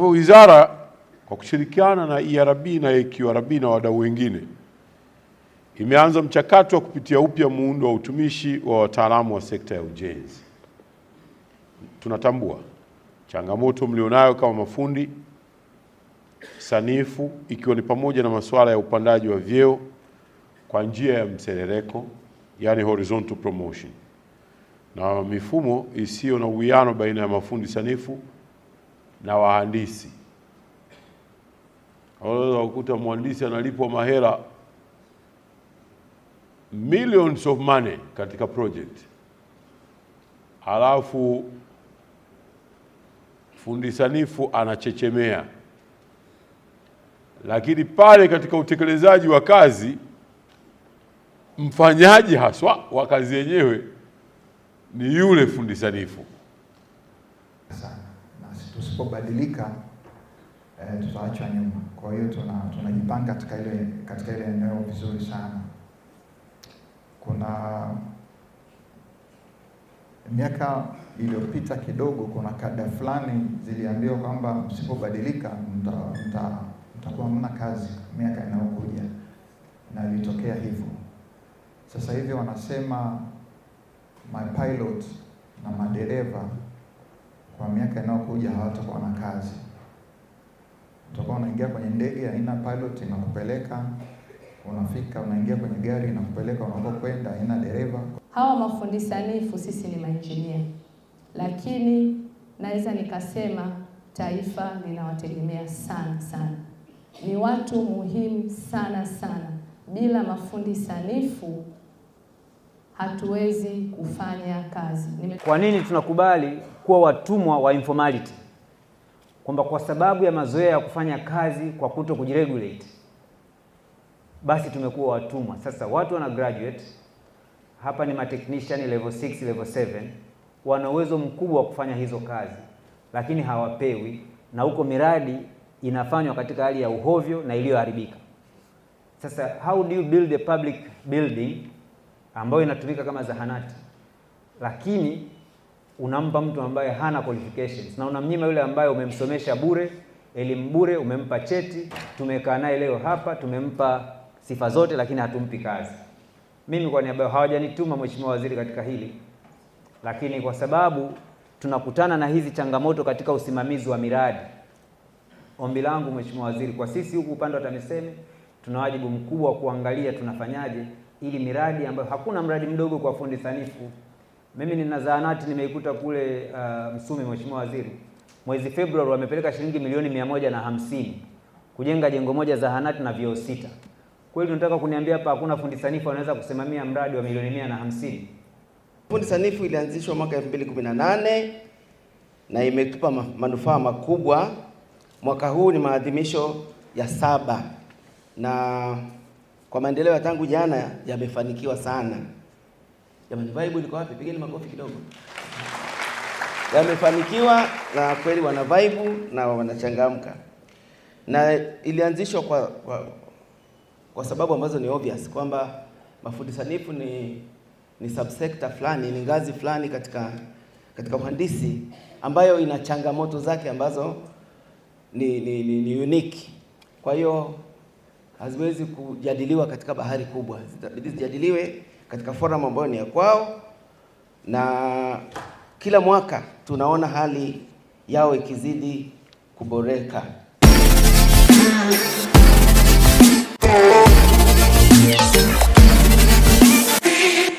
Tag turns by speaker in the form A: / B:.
A: Kwa hivyo wizara kwa kushirikiana na ERB na AQRB na wadau wengine imeanza mchakato wa kupitia upya muundo wa utumishi wa wataalamu wa sekta ya ujenzi. Tunatambua changamoto mlionayo kama mafundi sanifu, ikiwa ni pamoja na masuala ya upandaji wa vyeo kwa njia ya mserereko, yani horizontal promotion, na mifumo isiyo na uwiano baina ya mafundi sanifu na wahandisi. Unaweza kukuta mhandisi analipwa mahela millions of money katika project, alafu fundi sanifu anachechemea, lakini pale katika utekelezaji wa kazi mfanyaji haswa wa kazi yenyewe ni yule fundi sanifu.
B: Tusipobadilika eh, tutaachwa nyuma. Kwa hiyo tuna tunajipanga katika ile katika ile eneo vizuri sana. Kuna miaka iliyopita kidogo, kuna kada fulani ziliambiwa kwamba msipobadilika mta mtakuwa mna kazi miaka inayokuja, na ilitokea hivyo. Sasa hivi wanasema mapilot na madereva kwa miaka inayokuja hawatakuwa na kazi. Utakuwa unaingia kwenye ndege haina pilot inakupeleka, unafika unaingia kwenye gari inakupeleka unakokwenda, haina dereva.
C: Hawa mafundi sanifu sisi ni mainjinia, lakini naweza nikasema taifa linawategemea sana sana, ni watu muhimu sana sana. Bila mafundi sanifu hatuwezi kufanya kazi. Nime...
D: kwa nini tunakubali kuwa watumwa wa informality? Kwamba kwa sababu ya mazoea ya kufanya kazi kwa kuto kujiregulate, basi tumekuwa watumwa. Sasa watu wana graduate hapa ni matechnician level 6, level 7 wana uwezo mkubwa wa kufanya hizo kazi, lakini hawapewi, na huko miradi inafanywa katika hali ya uhovyo na iliyoharibika. Sasa how do you build a public building ambayo inatumika kama zahanati, lakini unampa mtu ambaye hana qualifications na unamnyima yule ambaye umemsomesha bure, elimu bure, umempa cheti, tumekaa naye leo hapa, tumempa sifa zote, lakini hatumpi kazi. Mimi kwa niaba yao, hawajanituma Mheshimiwa Waziri katika hili, lakini kwa sababu tunakutana na hizi changamoto katika usimamizi wa miradi, ombi langu Mheshimiwa Waziri, kwa sisi huku upande wa TAMISEMI tuna wajibu mkubwa wa kuangalia tunafanyaje ili miradi ambayo hakuna mradi mdogo kwa fundi sanifu. Mimi nina zahanati nimeikuta kule uh, Msumi, Mheshimiwa Waziri, mwezi Februari wamepeleka shilingi milioni mia moja na hamsini kujenga jengo moja zahanati na vyoo sita. Kweli tunataka kuniambia hapa hakuna fundi sanifu anaweza kusimamia mradi wa milioni mia na hamsini?
E: Fundi sanifu ilianzishwa mwaka 2018 na imetupa manufaa makubwa. Mwaka huu ni maadhimisho ya saba na kwa maendeleo ya tangu jana yamefanikiwa sana. Jamani, vibe liko wapi? Pigeni makofi kidogo. Yamefanikiwa na kweli, wana vibe na wanachangamka, na ilianzishwa kwa, kwa, kwa sababu ambazo ni obvious kwamba mafundi sanifu ni, ni subsector fulani, ni ngazi fulani katika katika uhandisi ambayo ina changamoto zake ambazo ni, ni, ni, ni unique. Kwa hiyo haziwezi kujadiliwa katika bahari kubwa, zitabidi zijadiliwe katika forum ambayo ni ya kwao, na kila mwaka tunaona hali yao ikizidi kuboreka.